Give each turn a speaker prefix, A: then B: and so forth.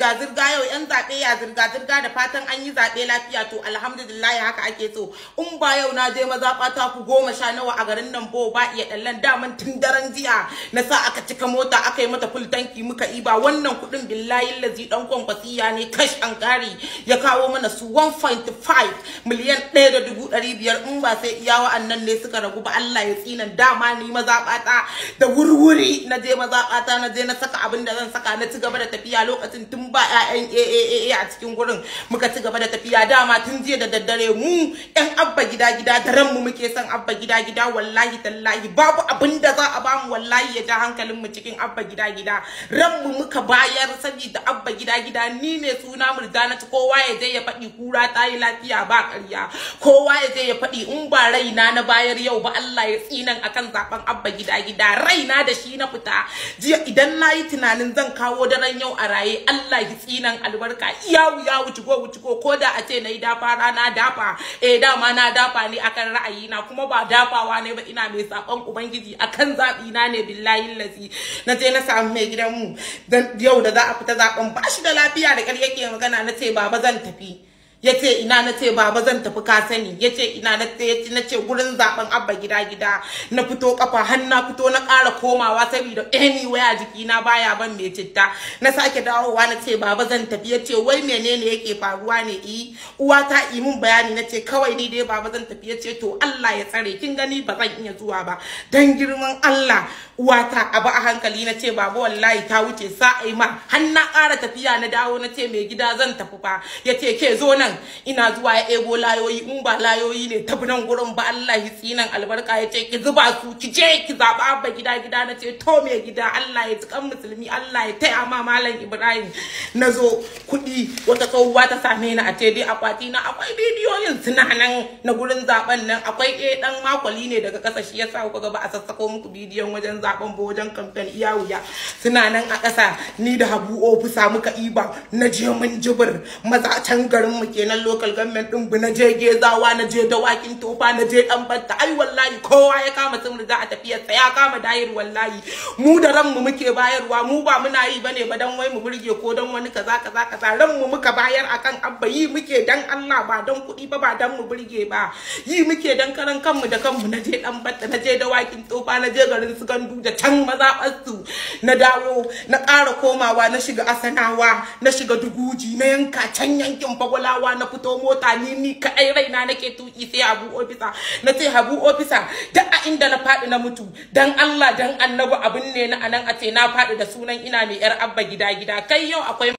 A: zirga-zirga yau yan zaɓe ya zirga-zirga da fatan an yi zaɓe lafiya to alhamdulillah haka ake so in ba yau na je mazaɓa ta ku goma sha nawa a garin nan bo ba iya ɗallan daman tun daren jiya na sa aka cika mota aka yi mata full tanki muka ba wannan kuɗin billahi lazi ɗan kwankwasiya ne kash an ƙari ya kawo mana su 1.5 miliyan ɗaya da dubu ɗari biyar in ba sai iya wa'annan ne suka ragu ba Allah ya tsina dama ni ta da wurwuri na je mazaɓata na je na saka abin da zan saka na ci gaba da tafiya lokacin tun ba ƴaƴan AAA a cikin gurin muka ci gaba da tafiya dama tun jiya da daddare mu ƴan abba gida gida daren mu muke son abba gida gida wallahi tallahi babu abin da za a ba mu wallahi ya ja hankalin mu cikin abba gida gida ran mu muka bayar saboda abba gida gida ni ne suna murdana kowa ya je ya faɗi kura ta yi lafiya ba ƙarya kowa ya je ya faɗi in ba raina na bayar yau ba Allah ya tsinan akan zaben abba gida gida raina da shi na fita jiya idan nayi tunanin zan kawo daren yau a raye Allah Allah ya tsinan albarka yawu wuya wuci go ko da a ce nayi dafa rana dafa eh dama na dafa ne akan ra'ayi na kuma ba dafawa ne ba ina mai saban ubangiji akan zabi na ne billahi lazi na je na samu mai gidan mu yau da za a fita zaben ba shi da lafiya da kar yake magana na ce baba zan tafi ya ce ina na ce baba zan tafi ka sani ya ce ina na ce na ce gurin zaben abba gida gida na fito kafa har na fito na kara komawa saboda anyway a na baya ban mai citta na sake dawowa na ce baba zan tafi ya ce wai menene yake faruwa ne e, i uwa ta yi mun bayani na ce kawai ni dai baba zan tafi ya ce to Allah ya tsare kin gani ba zan iya zuwa ba dan girman Allah uwa ta abu a hankali na ce baba wallahi ta wuce sa'ai ma har na ƙara tafiya na dawo na ce mai gida zan tafi fa ya ce ke zo nan nan ina zuwa ya ego layoyi in ba layoyi ne tafi nan gurin ba Allah ya tsinan albarka ya ce ki zuba su ki je ki zaba abba gida gida na ce to me gida Allah ya tsikan musulmi Allah ya taya ma malam Ibrahim na zo kuɗi wata tsohuwa ta same ni a tedi akwati na akwai bidiyoyin suna nan na gurin zaben nan akwai ɗaya eh, ɗan makwali ne daga ƙasa shi yasa kuka ga ba a sassako muku bidiyon wajen zaben ba wajen kamfen iya wuya suna nan a ƙasa ni da habu ofisa muka iba na je mun jibir maza can garin mu ke kenan local government din bu na je gezawa na je dawakin tofa na je dan batta ai wallahi kowa ya kama sun riga a tafiya sa ya kama dayir wallahi mu da ran mu muke bayarwa mu ba muna yi bane ba dan wai mu burge ko dan wani kaza kaza kaza ran mu muka bayar akan abba yi muke dan Allah ba dan kuɗi ba ba dan mu burge ba yi muke dan karan kanmu da kanmu na je dan batta na je dawakin tofa na je garin su gandu da can maza mazaɓarsu na dawo na kara komawa na shiga asanawa na shiga duguji na yanka can yankin bagwalawa fitowa na fito mota ni ni kaɗai raina nake tuki sai abu ofisa na ce habu ofisa duk a inda na faɗi na mutu dan Allah dan annabi abin ne na anan a ce na faɗi da sunan ina mai yar abba gida gida kai yau akwai